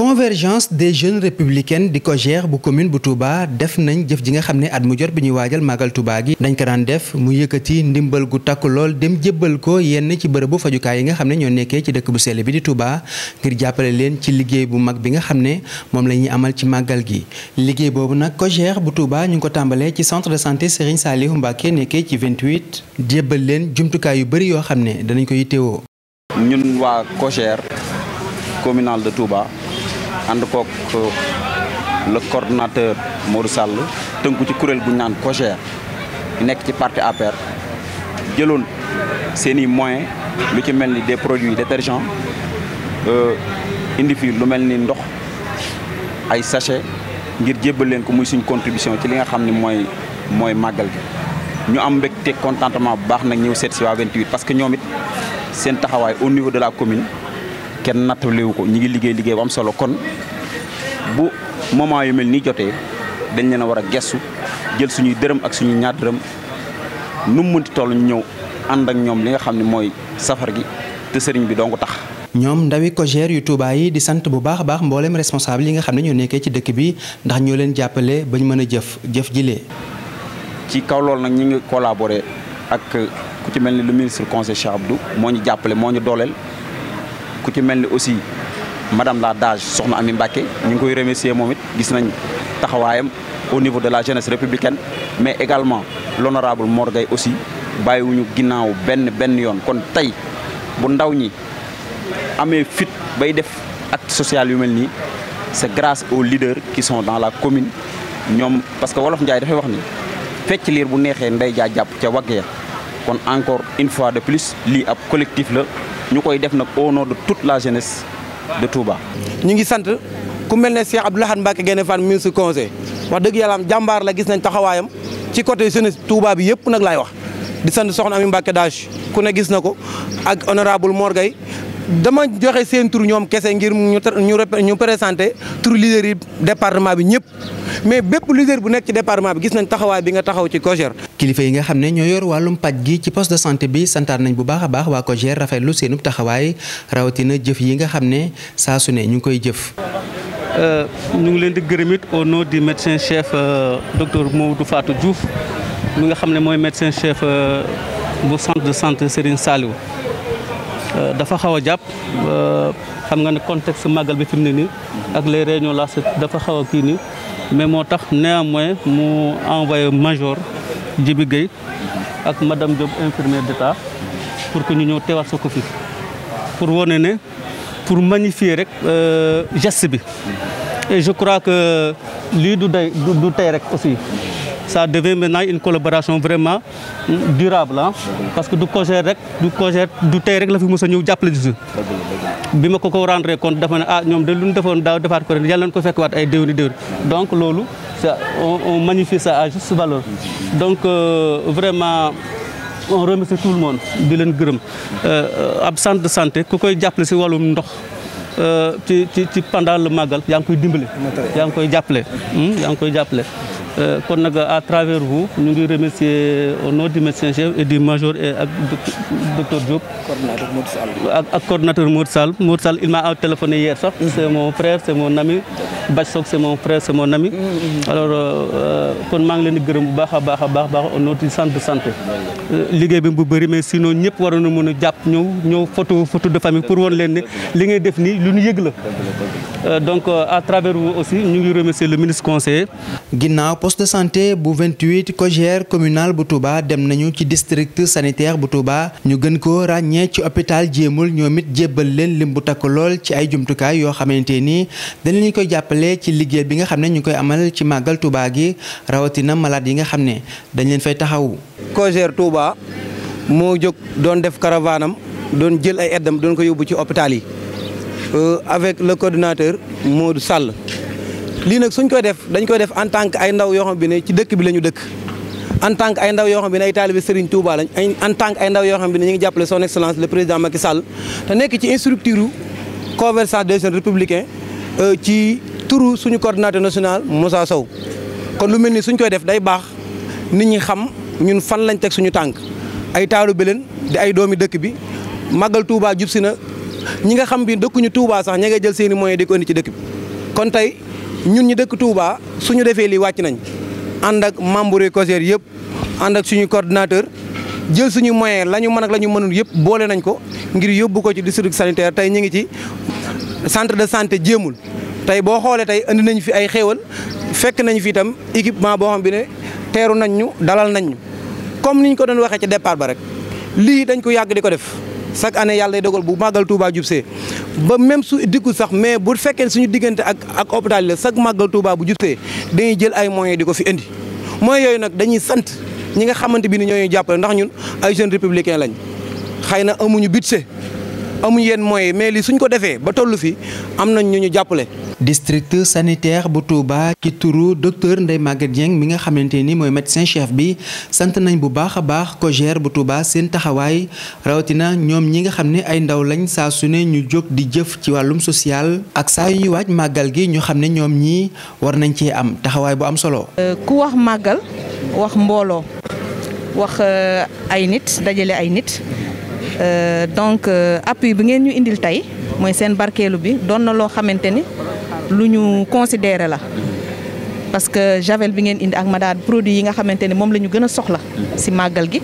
convergence des jeunes républicaines di ko COJER bu commune bu Touba def nañ jëf ji nga xam ne at mu jot bi ñuy waajal màggal Touba gi dañ ko daan def mu yëkkati ndimbal gu takk lool dem jëbbal ko yenn ci bërëbu fajukaay yi nga xam ne ñoo nekkee ci dëkk bu sell bi di Touba ngir jàppale leen ci liggéey bu mag bi nga xam ne moom la ñuy amal ci màggal gi liggéey boobu nag ko COJER bu Touba ñu ngi ko tàmbalee ci centre de santé Serigne Saliou Mbacké nekkee ci 28 jébbal leen jumtukaay yu bëri yoo xam ne danañ ko yittewoo waa COJER communal de Touba ànd kook euh, le coordonnateur Modou Sall tënku ci kuréel gu ñu naan COJER nekk ci parti APR jëloon seen i moyens lu ci mel ni des produits détergents euh, indi fii lu mel ni ndox ay sachet ngir jébbal leen ko muy suñ contribution ci li nga xam ni mooy mooy màggal gi ñu am mbégte contentement bu baax nag ñëw seet si waa parce que ñoom it seen taxawaay au niveau de la commune kenn nattalewu ko ñu ngi liggéey liggéey bu am solo kon bu moment yu mel nii jotee dañ leen a war a gestu jël suñuy dërëm ak suñuy ñaar dërëm nu mu mënti toll ñëw ànd ak ñoom li nga xam ne mooy safar gi te sëriñ bi dong tax. ñoom ndawi COJER yu Touba yi di sant bu baax a baax mboolem responsable yi nga xam ne ñoo nekkee ci dëkk bi ndax ñoo leen jàppale bañ mën a jëf jëf jilee ci kaw loolu nag ñu ngi collaboré ak ku ci mel ni lu ministre conseil Cheikh Abdou moo ñu jàppale moo ñu dooleel. ci mel ni aussi madame la DAGE soxna Ami Mbacke ñu ngi koy remercier moom it gis nañ taxawaayam au niveau de la jeunesse républicaine mais également l'honorable Mor Gueye aussi bàyyiwuñu ginnaaw benn benn yoon kon tey bu ndaw ñi amee fit bay def ak sociale yu mel nii c'est grâce aux leaders qui sont dans la commune ñoom parce que wolof Njaay dafay wax ni fecc liir bu neexee ndey jaa jàpp ca wagg ya kon encore une fois de plus lii ab collectif la ñu koy def nag au nom de toute la jeunesse de Touba. ñu ngi sant ku mel ne Cheikh Abdou Lahad Mbacké Gaïndé Fatma ministre conseil wax dëgg yàlla am jàmbaar la gis nañ taxawaayam ci côté jeunesse Touba bi yëpp nag laay wax di sant soxna Ami Mbacké Dash ku ne gis na ko ak honorable Mor Gueye dama joxe seen tur ñoom kese ngir ñu ñu présenté tur leader yi département bi ñëpp mais bépp leader bu nekk ci département bi gis nañ taxawaay bi nga taxaw ci COJER. kilifa yi nga xam ne ñoo yor wàllum paj gi ci poste de santé bi santaat nañ bu baax a baax waa COJER rafetlu seenub taxawaay rawatina jëf yi nga xam ne saa su ne ñu ngi koy jëf. Euh, ñu ngi leen di gërëm it au nom du médecin chef euh, docteur du Fatou Diouf mu nga xam ne mooy médecin chef euh, bu centre de santé Serigne Saliou. Euh, dafa xaw a jàpp euh, xam nga ne contexte màggal bi fi mu ne nii ak les la là dafa xaw a kii nii mais moo tax néanmoins mu envoyé major Djibi Gueye ak madame Diop infirmière d'état pour que ñu ñëw teewaat sa ko fi pour wone ne pour magnifier rek euh, geste bi je crois que lii du day du tey rek aussi ça devient maintenant une collaboration vraiment hmm, durable ah parce que du COJER rek du COJER du tey rek lafi fi mos a ñëw jàppale ji bi ma ko ko rendre kon dafa ne ah ñoom de lu ñu defoon daaw defaat ko ren yàlla nañu ko fekk waat ay déwéni déwén donc loolu ça on magnifie ça à juste valeur donc euh, vraiment on remercie tout le monde di leen gërëm euh, ab centre de santé ku koy jàppale si wàllum ndox euh, ci ci ci pendant le màggal yaa ngi koy dimbale yaa ngi koy jàppale hmm, yaa ngi koy jàppale Euh, kon nag à travers vous ñu ngi remercier au nom du médecin chef et du major et ak docteur ak ak coordonnateur Modou Sall Modou Sall il m'a téléphoné sax. Mhm. c'est mon frère nami mon ami. Bac Sock semon nami frère mhm, mhm. alors euh, kon maa ngi leen di gërëm bu baax a baax a baax baax au nom du centre de santé. Euh, liggéey bi bu bëri mais sinon ñëpp waroon na mun a jàpp ñëw ñëw photo photo de famille pour woon leen ne li ngay def nii lu ñu yëg la. donc à travers vous aussi ñu ngi remercier le ministre conseiller. ginnaaw poste de santé bu 28 cogère communal bu Touba dem nañu ci district sanitaire bu Touba ñu gën ko ràññee ci hôpital jéemul ñoom it jébbal leen lim bu takk lool ci ay jumtukaay yoo xamante nii dañ leen koy jàppale ci liggéey bi nga xam ne ñu koy amal ci màggal Touba gi rawatina malade yi nga xam ne dañ leen fay taxawu. cogère Touba moo jóg doon def caravanam doon jël ay aidam doon ko yóbbu ci hôpital yi euh, avec le coordinateur Modou Sall. lii nag suñ koy def dañ koy def en tant que ay ndaw yoo xam bi ne ci dëkk bi la ñu dëkk en tant que ay ndaw yoo xam bi ne ay taalibe Serigne Touba lañ en tant que ay ndaw yoo xam bi ne ñu ngi jàppale son excellence le président Macky Sall te nekk ci instructeur convergence des jeunes républicains euh, ci turu suñu coordinateur national Moussa Sow kon lu mel ni suñ koy def day baax nit ñi xam ñun fan lañ teg suñu tànk ay taalu beleen di ay doomi dëkk bi màggal Touba jub si na ñi nga xam bi dëkkuñu Touba sax ña ngay jël seeni moyens ko ci dëkk bi ñun ñi dëkk Touba suñu defee lii wàcc nañ ànd ak membre yu COJER yëpp ànd ak suñu coordinateur jël suñu moyen la ñu mën ak la ñu mënul yëpp boole nañ ko ngir yóbbu ko ci district sanitaire tey ñu ngi ci centre de santé jéemul tey boo xoolee tey indi nañ fi ay xéewal fekk nañ fi itam équipement boo xam bi ne teeru nañ ñu dalal nañ ñu comme niñ ko doon waxee ci départ ba rek lii dañ ko yàgg di ko def chaque année yàlla day dogal bu màggal Touba jub see ba même su dikkul sax mais bu fekkee suñu diggante ak ak hôpital la chaque bu jutee dañuy jël ay moyens di ko fi indi mooy yooyu nag dañuy sant ñi nga xamante bi ni ñoo ñuy jàppale ndax ñun ay jeunes républicains lañ xëy na amuñu budget amuñ yenn mooy mais li suñ ko defee ba toll fi am nañ ñu ñu jàppale. district sanitaire bu Touba ci turu docteur ndey Maguette Dieng mi nga xamante ni mooy médecin chef bi sant nañ bu baax a baax COJER bu Touba seen taxawaay rawatina ñoom ñi nga xam ne ay ndaw lañ saa su ne ñu jóg di jëf ci wàllum social ak saa yu ñuy waaj màggal gi ñu xam ne ñoom ñii war nañ cee am taxawaay bu am solo. Euh, ku wax màggal wax mbooloo wax euh, ay nit dajale ay nit. Euh, donc euh, appuis bi ngeen ñu indil tey mooy seen barkeelu bi doon na loo xamante ni lu ñu considere la parce que javel bi ngeen indi ak madaad produit yi nga xamante ni moom la ñu gën a soxla si màggal gi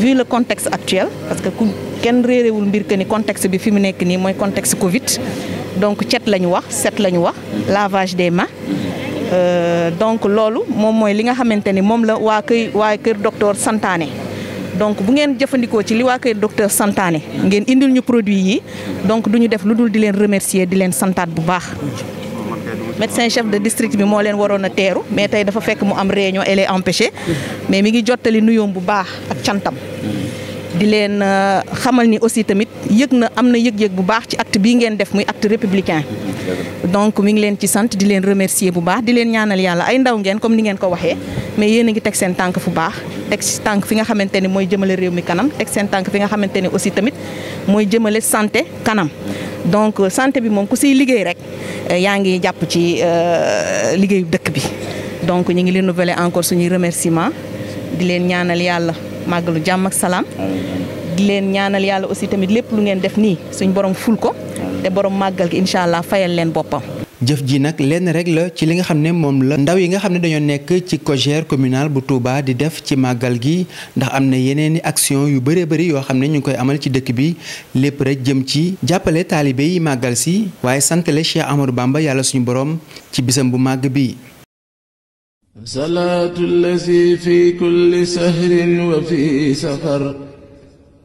vu le contexte actuel parce que ku kenn réeréwul mbir que ni contexte bi fi mu nekk nii mooy contexte Covid donc cet la ñu wax set la ñu wax lavage des mains euh, donc loolu moom mooy li nga xamante ni moom la waa kër waa kër docteur santaane donc bu ngeen jëfandikoo ci li waa kër docteur santaane ngeen indil ñu produit yi donc du ñu def lu dul di leen remercier di leen santaat bu baax médecin chef de district bi moo leen waroon a teeru mais tey dafa fekk mu am réunion elle est mais mi ngi jottali nuyoom bu baax ak cantam di leen euh, xamal ni aussi tamit yëg na am na yëg-yëg bu baax ci acte bi ngeen def muy acte républicain donc mu ngi leen ci sant di leen remercier bu baax di leen ñaanal yàlla ay ndaw ngeen comme ni ngeen ko waxee mais yéen a ngi teg seen tànk fu baax teg tànk fi nga xamante ne mooy jëmale réew mi kanam teg seen tànk fi nga xamante ne aussi tamit mooy jëmale santé kanam donc euh, santé bi moom ku siy liggéey rek euh, yaa ngi jàpp ci euh, liggéeyu dëkk bi donc ñu ngi leen renouveler encore suñuy remerciement di leen ñaanal yàlla màggalu jàmm ak salaam di leen ñaanal yàlla aussi tamit lépp lu ngeen def nii suñ borom ful ko te borom màggal gi incha allah fayal leen boppam. jëf ji nag lenn rek la ci li nga xam ne moom la ndaw yi nga xam ne dañoo nekk ci cogère communal bu Touba di def ci màggal gi ndax am na yeneen i action yu bëree bëri yoo xam ne ñu ngi koy amal ci dëkk bi lépp rek jëm ci jàppale taalibe yi màggal si waaye santale Cheikh Amadou Bamba yàlla suñu borom ci bisam bu màgg bi